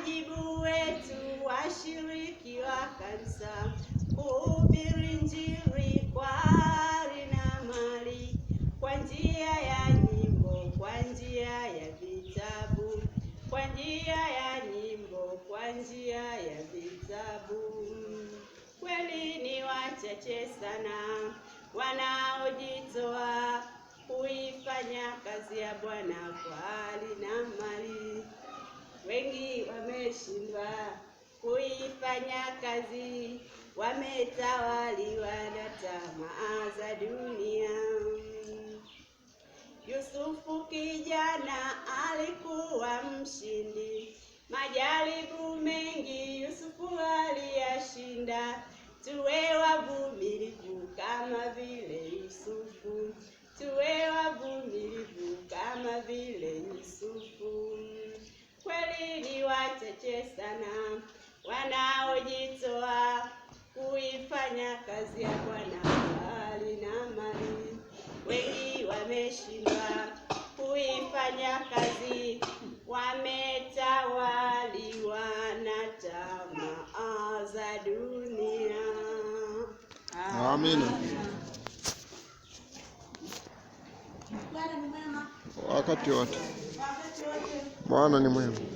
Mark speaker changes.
Speaker 1: wajibu wetu washiriki wa kanisa kuhubiri Injili kwa hali na mali, kwa njia ya nyimbo, kwa njia ya vitabu, kwa njia ya nyimbo, kwa njia ya vitabu. Kweli ni wachache sana wanaojitoa kuifanya kazi ya Bwana kwa hali na mali. wanaofanya kazi wametawaliwa na tamaa za dunia. Yusufu kijana alikuwa mshindi, majaribu mengi Yusufu aliyashinda. Tuwe wavumilivu kama vile Yusufu, tuwe wavumilivu kama vile Yusufu. Kweli ni wachache sana kufanya kazi ya Bwana mbali na mali. Wengi wameshindwa kuifanya kazi, wametawaliwa na tamaa za dunia.
Speaker 2: Amina. Wakati wote Bwana ni mwema.